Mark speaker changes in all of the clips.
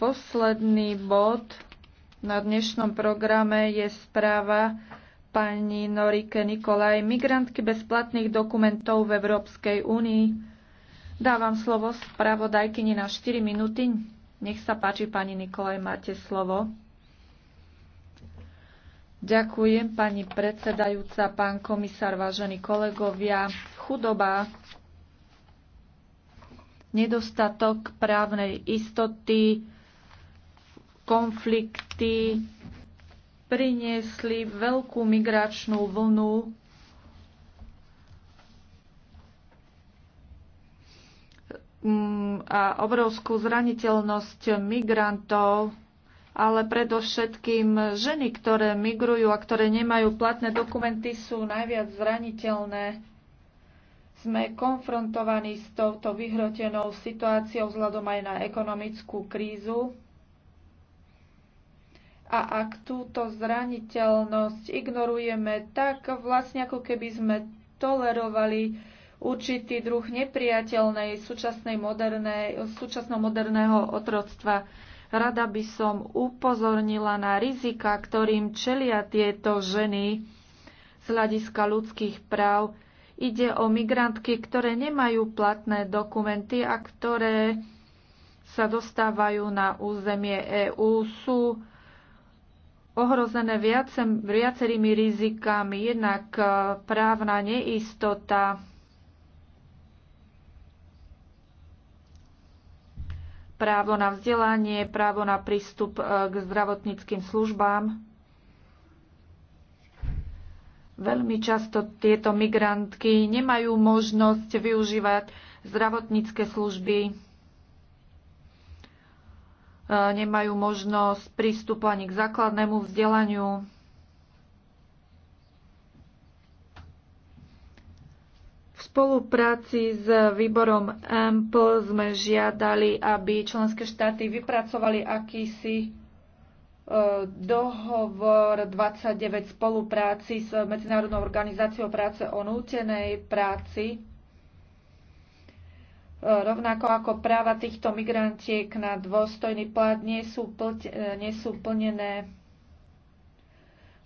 Speaker 1: Posledný bod na dnešnom programe je správa pani Norike Nikolaj, migrantky bezplatných dokumentov v Európskej únii. Dávam slovo spravodajkyni na 4 minúty. Nech sa páči, pani Nikolaj, máte slovo. Ďakujem, pani predsedajúca, pán komisár, vážení kolegovia. Chudoba nedostatok právnej istoty, konflikty priniesli veľkú migračnú vlnu mm, a obrovskú zraniteľnosť migrantov, ale predovšetkým ženy, ktoré migrujú a ktoré nemajú platné dokumenty, sú najviac zraniteľné sme konfrontovaní s touto vyhrotenou situáciou vzhľadom aj na ekonomickú krízu. A ak túto zraniteľnosť ignorujeme, tak vlastne ako keby sme tolerovali určitý druh nepriateľnej súčasnej modernej, súčasno moderného otroctva. Rada by som upozornila na rizika, ktorým čelia tieto ženy z hľadiska ľudských práv Ide o migrantky, ktoré nemajú platné dokumenty a ktoré sa dostávajú na územie EÚ. Sú ohrozené viacerými rizikami, jednak e, právna neistota, právo na vzdelanie, právo na prístup e, k zdravotníckým službám. Veľmi často tieto migrantky nemajú možnosť využívať zdravotnícke služby, e, nemajú možnosť prístupu ani k základnému vzdelaniu. V spolupráci s výborom EMPL sme žiadali, aby členské štáty vypracovali akýsi dohovor 29 spolupráci s Medzinárodnou organizáciou práce o nútenej práci, rovnako ako práva týchto migrantiek na dôstojný plat nie sú, plť, nie sú plnené.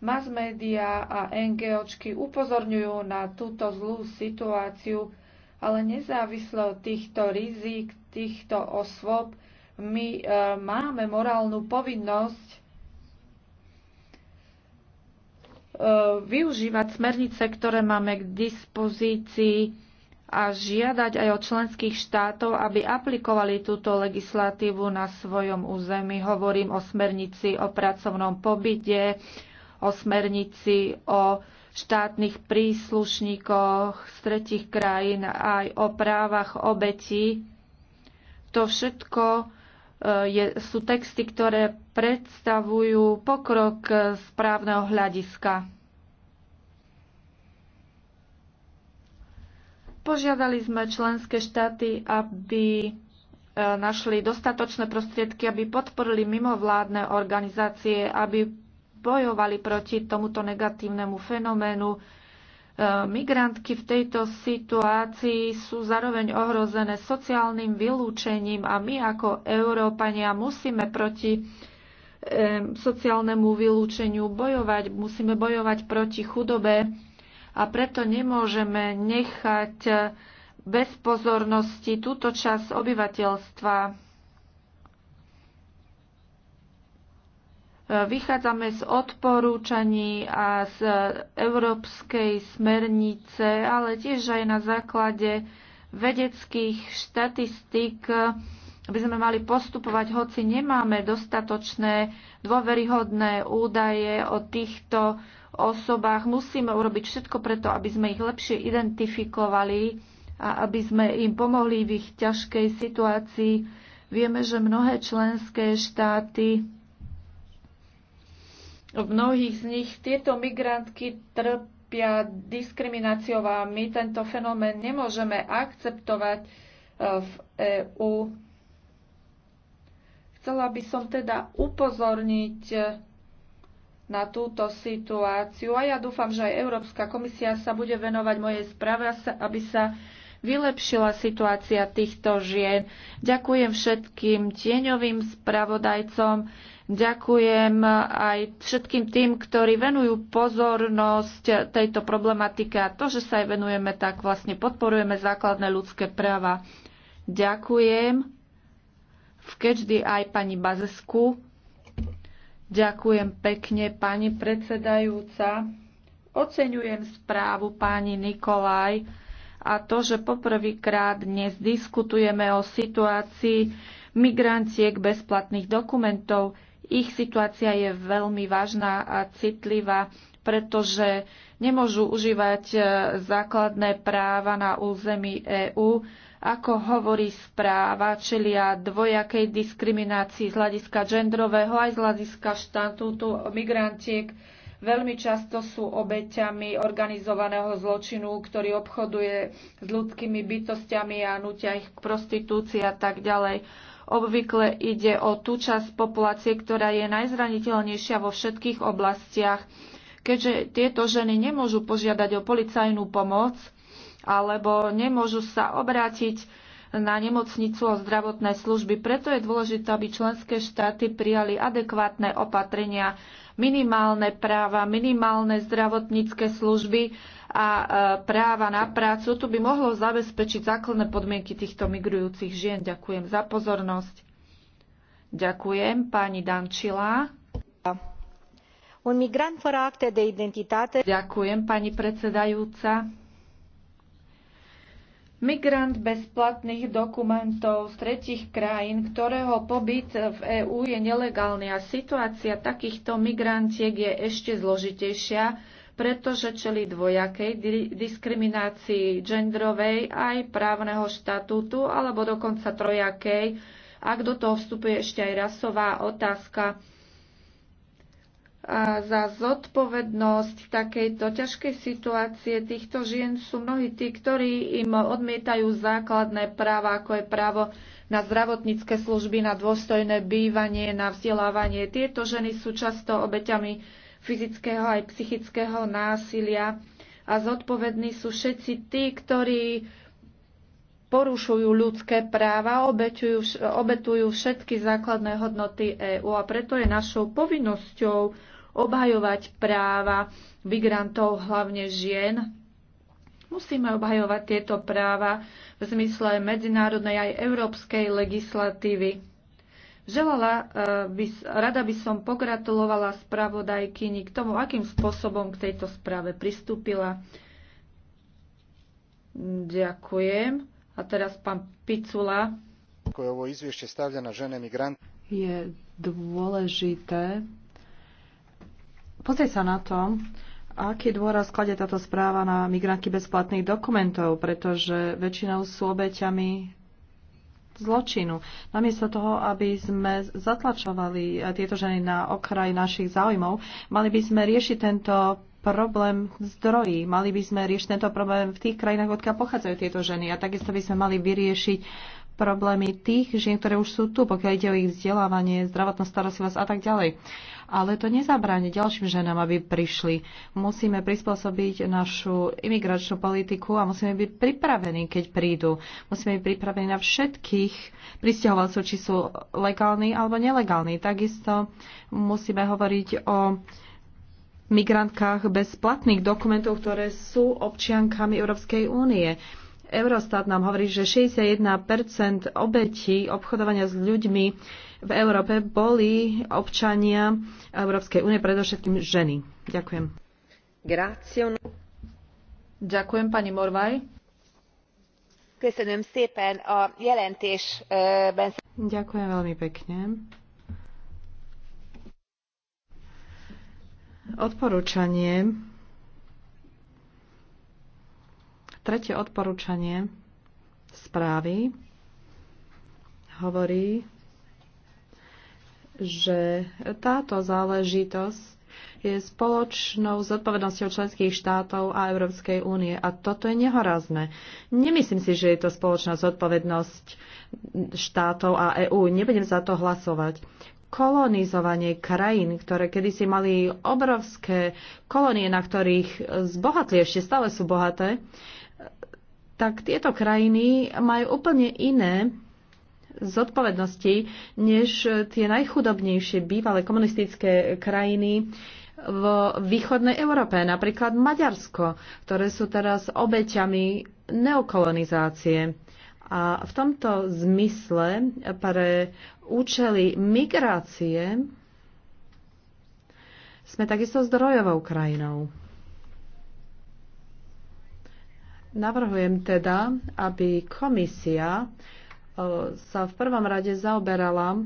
Speaker 1: Mass media a NGOčky upozorňujú na túto zlú situáciu, ale nezávislo od týchto rizik, týchto osôb, my e, máme morálnu povinnosť využívať smernice, ktoré máme k dispozícii a žiadať aj od členských štátov, aby aplikovali túto legislatívu na svojom území. Hovorím o smernici o pracovnom pobyte, o smernici o štátnych príslušníkoch z tretich krajín, aj o právach obetí. To všetko Eh, je, sú texty, ktoré predstavujú pokrok z eh, právneho hľadiska. Požiadali sme členské štáty, aby eh, našli dostatočné prostriedky, aby podporili mimovládne organizácie, aby bojovali proti tomuto negatívnemu fenoménu, E, migrantky v tejto situácii sú zároveň ohrozené sociálnym vylúčením a my ako Európania musíme proti e, sociálnemu vylúčeniu bojovať, musíme bojovať proti chudobe a preto nemôžeme nechať bez pozornosti túto časť obyvateľstva. Vychádzame z odporúčaní a z európskej smernice, ale tiež aj na základe vedeckých štatistík by sme mali postupovať, hoci nemáme dostatočné dôveryhodné údaje o týchto osobách. Musíme urobiť všetko preto, aby sme ich lepšie identifikovali a aby sme im pomohli v ich ťažkej situácii. Vieme, že mnohé členské štáty v mnohých z nich tieto migrantky trpia diskrimináciou a my tento fenomén nemôžeme akceptovať eh, v EÚ. Chcela by som teda upozorniť eh, na túto situáciu a ja dúfam, že aj Európska komisia sa bude venovať mojej správe, aby sa vylepšila situácia týchto žien. Ďakujem všetkým tieňovým spravodajcom, Ďakujem aj všetkým tým, ktorí venujú pozornosť tejto problematike a to, že sa aj venujeme, tak vlastne podporujeme základné ľudské práva. Ďakujem. V keďždy aj pani Bazesku. Ďakujem pekne, pani predsedajúca. Oceňujem správu pani Nikolaj a to, že poprvýkrát dnes diskutujeme o situácii migrantiek bezplatných dokumentov. Ich situácia je veľmi vážna a citlivá, pretože nemôžu užívať e, základné práva na území EÚ, ako hovorí správa, čelia dvojakej diskriminácii z hľadiska genderového aj z hľadiska štatútu migrantiek. Veľmi často sú obeťami organizovaného zločinu, ktorý obchoduje s ľudskými bytostiami a nutia ich k prostitúcii a tak ďalej Obvykle ide o tú časť populácie, ktorá je najzraniteľnejšia vo všetkých oblastiach. Keďže tieto ženy nemôžu požiadať o policajnú pomoc alebo nemôžu sa obrátiť na nemocnicu a zdravotné služby. Preto je dôležité, aby členské štáty prijali adekvátne opatrenia, minimálne práva, minimálne zdravotnícke služby a e, práva na prácu. To by mohlo zabezpečiť základné podmienky týchto migrujúcich žien. Ďakujem za pozornosť. Ďakujem pani Dančila. Un migrant fără acte de identitate. Ďakujem pani predsedajúca Migrant bez platných dokumentov z tretich krajín, ktorého pobyt v EÚ je nelegálny a situácia takýchto migrantiek je ešte zložitejšia, pretože čeli dvojakej diskriminácii genderovej aj právneho štatútu alebo dokonca trojakej, ak do toho vstupuje ešte aj rasová otázka a za zodpovednosť takejto ťažkej situácie týchto žien sú mnohí tí, ktorí im odmietajú základné práva, ako je právo na zdravotnícke služby, na dôstojné bývanie, na vzdelávanie. Tieto ženy sú často obeťami fyzického aj psychického násilia a zodpovední sú všetci tí, ktorí porušujú ľudské práva, obetujú, obetujú všetky základné hodnoty EÚ a preto je našou povinnosťou obhajovať práva migrantov, hlavne žien. Musíme obhajovať tieto práva v zmysle medzinárodnej aj európskej legislatívy. Želala eh, by, rada by som pogratulovala spravodajkyni k tomu, akým spôsobom k tejto správe pristúpila. Ďakujem. A teraz pán Picula. Je dôležité
Speaker 2: Pozrie sa na to, aký dôraz kladie táto správa na migrantky bezplatných dokumentov, pretože väčšinou sú obeťami zločinu. Namiesto toho, aby sme zatlačovali tieto ženy na okraj našich záujmov, mali by sme riešiť tento problém v zdroji. Mali by sme riešiť tento problém v tých krajinách, odkiaľ pochádzajú tieto ženy. A takisto by sme mali vyriešiť problémy tých žien, ktoré už sú tu, pokiaľ ide o ich vzdelávanie, zdravotnú starostlivosť a tak ďalej ale to nezabráni ďalším ženám, aby prišli. Musíme prispôsobiť našu imigračnú politiku a musíme byť pripravení, keď prídu. Musíme byť pripravení na všetkých pristahovalcov, či sú legálni alebo nelegálni. Takisto musíme hovoriť o migrantkách bez platných dokumentov, ktoré sú občiankami Európskej únie. Eurostat nám hovorí, že 61 obetí obchodovania s ľuďmi v Európe boli občania Európskej únie, predovšetkým ženy. Ďakujem. Grazie. Ďakujem, pani Morvaj. Köszönöm szépen a jelentésben. Ďakujem veľmi pekne. Odporúčanie. Tretie odporúčanie správy hovorí že táto záležitosť je spoločnou zodpovednosťou členských štátov a Európskej únie. A toto je nehorazné. Nemyslím si, že je to spoločná zodpovednosť štátov a EÚ. Nebudem za to hlasovať. Kolonizovanie krajín, ktoré kedysi mali obrovské kolónie, na ktorých zbohatli, ešte stále sú bohaté, tak tieto krajiny majú úplne iné zodpovednosti než tie najchudobnejšie bývalé komunistické krajiny v východnej Európe, napríklad Maďarsko, ktoré sú teraz obeťami neokolonizácie. A v tomto zmysle pre účely migrácie sme takisto zdrojovou krajinou. Navrhujem teda, aby komisia sa v prvom rade zaoberala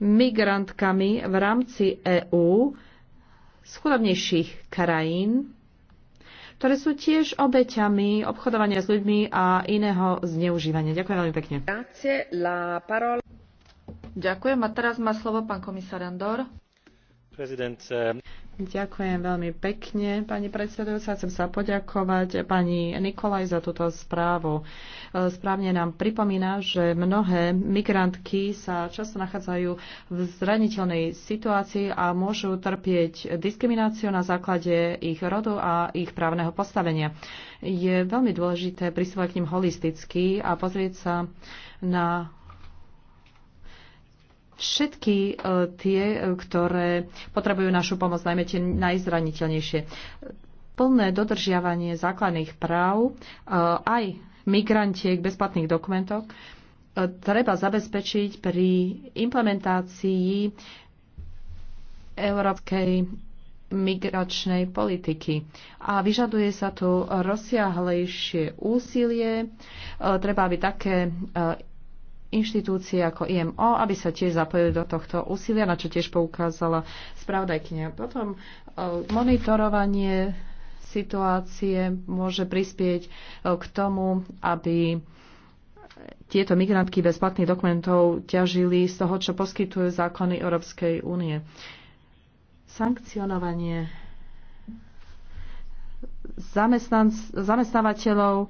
Speaker 2: migrantkami v rámci EÚ z chudobnejších krajín, ktoré sú tiež obeťami obchodovania s ľuďmi a iného zneužívania. Ďakujem veľmi pekne.
Speaker 1: Ďakujem a teraz má slovo pán komisár Andor.
Speaker 2: Eh, Ďakujem veľmi pekne, pani predsedujúca. Chcem sa poďakovať pani Nikolaj za túto správu. Eh, správne nám pripomína, že mnohé migrantky sa často nachádzajú v zraniteľnej situácii a môžu trpieť diskrimináciu na základe ich rodu a ich právneho postavenia. Je veľmi dôležité pristupovať k ním holisticky a pozrieť sa na všetky e, tie, e, ktoré potrebujú našu pomoc, najmä tie najzraniteľnejšie. Plné dodržiavanie základných práv e, aj migrantiek bezplatných dokumentov treba zabezpečiť pri implementácii európskej migračnej politiky. A vyžaduje sa tu rozsiahlejšie úsilie. Treba, aby také inštitúcie ako IMO, aby sa tiež zapojili do tohto úsilia, na čo tiež poukázala spravodajkynia. Potom e, monitorovanie situácie môže prispieť e, k tomu, aby tieto migrantky bez platných dokumentov ťažili z toho, čo poskytujú zákony Európskej únie. Sankcionovanie zamestnávateľov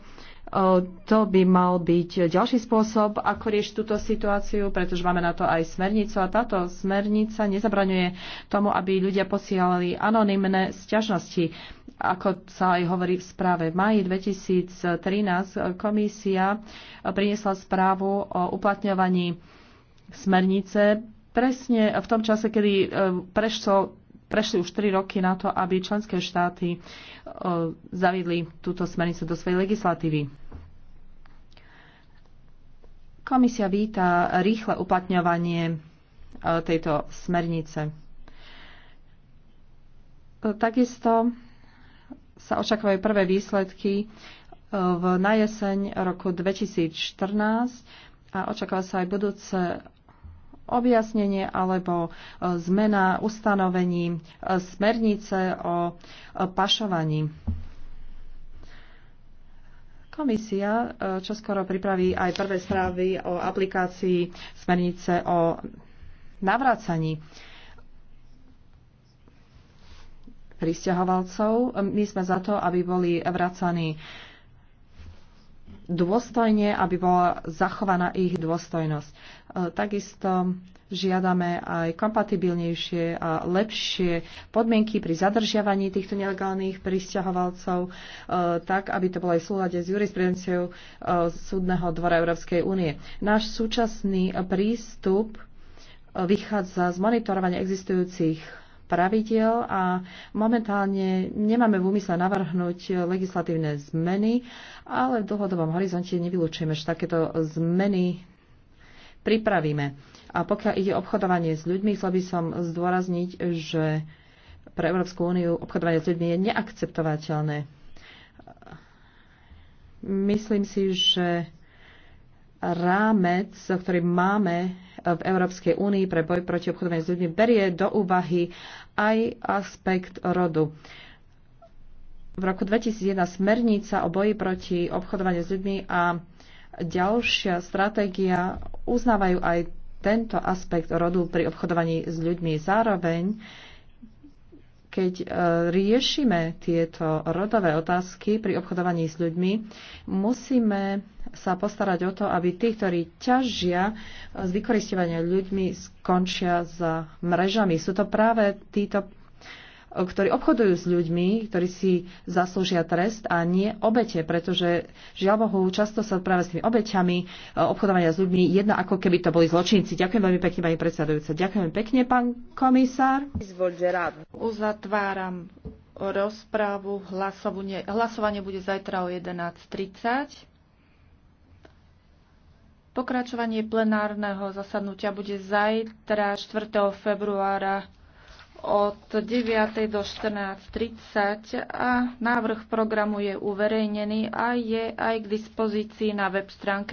Speaker 2: to by mal byť ďalší spôsob, ako riešiť túto situáciu, pretože máme na to aj smernicu a táto smernica nezabraňuje tomu, aby ľudia posielali anonymné sťažnosti. Ako sa aj hovorí v správe, v maji 2013 komisia priniesla správu o uplatňovaní smernice presne v tom čase, kedy e, prešlo prešli už 3 roky na to, aby členské štáty e, zaviedli túto smernicu do svojej legislatívy. Komisia víta rýchle uplatňovanie e, tejto smernice. E, takisto sa očakávajú prvé výsledky e, v, na jeseň roku 2014 a očakáva sa aj budúce objasnenie alebo zmena ustanovení smernice o pašovaní. Komisia eh, čoskoro pripraví aj prvé správy o aplikácii smernice o navrácaní pristahovalcov. My sme za to, aby boli vracaní dôstojne, aby bola zachovaná ich dôstojnosť. E, takisto žiadame aj kompatibilnejšie a lepšie podmienky pri zadržiavaní týchto nelegálnych pristahovalcov, e, tak aby to bolo aj v súlade s jurisprudenciou e, Súdneho dvora Európskej únie. Náš súčasný prístup vychádza z monitorovania existujúcich pravidel a momentálne nemáme v úmysle navrhnúť legislatívne zmeny, ale v dlhodobom horizonte nevylučujeme, že takéto zmeny pripravíme. A pokiaľ ide obchodovanie s ľuďmi, chcel by som zdôrazniť, že pre Európsku úniu obchodovanie s ľuďmi je neakceptovateľné. Myslím si, že rámec, ktorý máme v Európskej únii pre boj proti obchodovaniu s ľuďmi, berie do úvahy aj aspekt rodu. V roku 2001 smernica o boji proti obchodovaniu s ľuďmi a ďalšia stratégia uznávajú aj tento aspekt rodu pri obchodovaní s ľuďmi. Zároveň keď e, riešime tieto rodové otázky pri obchodovaní s ľuďmi, musíme sa postarať o to, aby tí, ktorí ťažia z vykoristovania ľuďmi, skončia s mrežami. Sú to práve títo, ktorí obchodujú s ľuďmi, ktorí si zaslúžia trest a nie obete, pretože žiaľ Bohu, často sa práve s tými obeťami e, obchodovania s ľuďmi jedna ako keby to boli zločinci. Ďakujem veľmi pekne, pani predsedajúca. Ďakujem pekne, pán
Speaker 1: komisár. Uzatváram rozprávu. Hlasovanie bude zajtra o 11.30. Pokračovanie plenárneho zasadnutia bude zajtra 4. februára od 9. do 14.30 a návrh programu je uverejnený a je aj k dispozícii na web stránke.